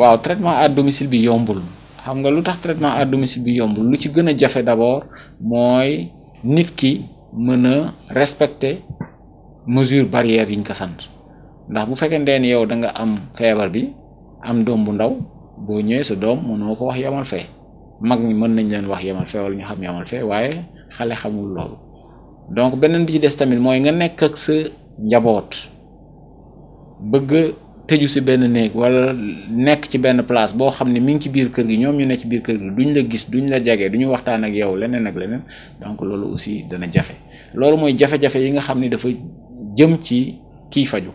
waaw traitement à domicile bi yombul xam nga lu tax traitement à domicile bi yombul lu ci gën a jafe d'abord mooy nit ki mën a respecter mesure barrière yiñ ko sant ndax bu fekkente ni yow da nga am feebar bi am doom bu ndaw boo ñëwee sa doom mënoo ko wax yamal fee mag ñi mën nañ leen wax yamal fee wala ñu xam yamal fee waaye xale xamul loolu donc beneen bi ci des tamit mooy nga nekk ak sa njaboot bëgg teju ci benn néeg wala nekk ci benn place boo xam ne mi ngi ci biir kër gi ñoom ñu ne ci biir kër gi duñ la gis duñ la jage duñu waxtaan ak yow leneen ak leneen donc loolu aussi dana jafe loolu mooy jafe-jafe yi nga xam ne dafa jëm ci kii faju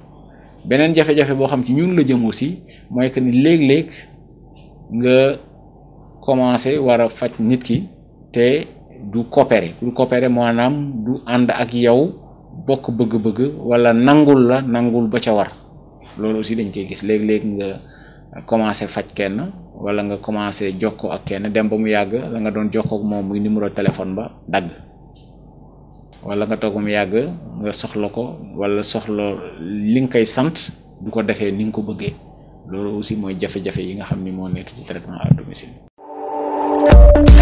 beneen jafe-jafe boo xam ci ñun la jëm aussi mooy que ni léeg-léeg nga commencé war a nit ki te du coopérer du coopérer maanaam du ànd ak yow bokk bëgg-bëgg wala nangul la nangul ba ca war loolu aussi dañ koy gis léegi-léegi nga commencé faj kenn wala nga commencé ko ak kenn dem ba mu yàgg la nga doon jokkoo ak moom muy numéro téléphone ba dagg wala nga toog mu yàgg nga soxla ko wala soxla li nga koy sant du ko defee ni nga ko bëggee loolu aussi mooy jafe-jafe yi nga xam ni moo nekk ci traitement à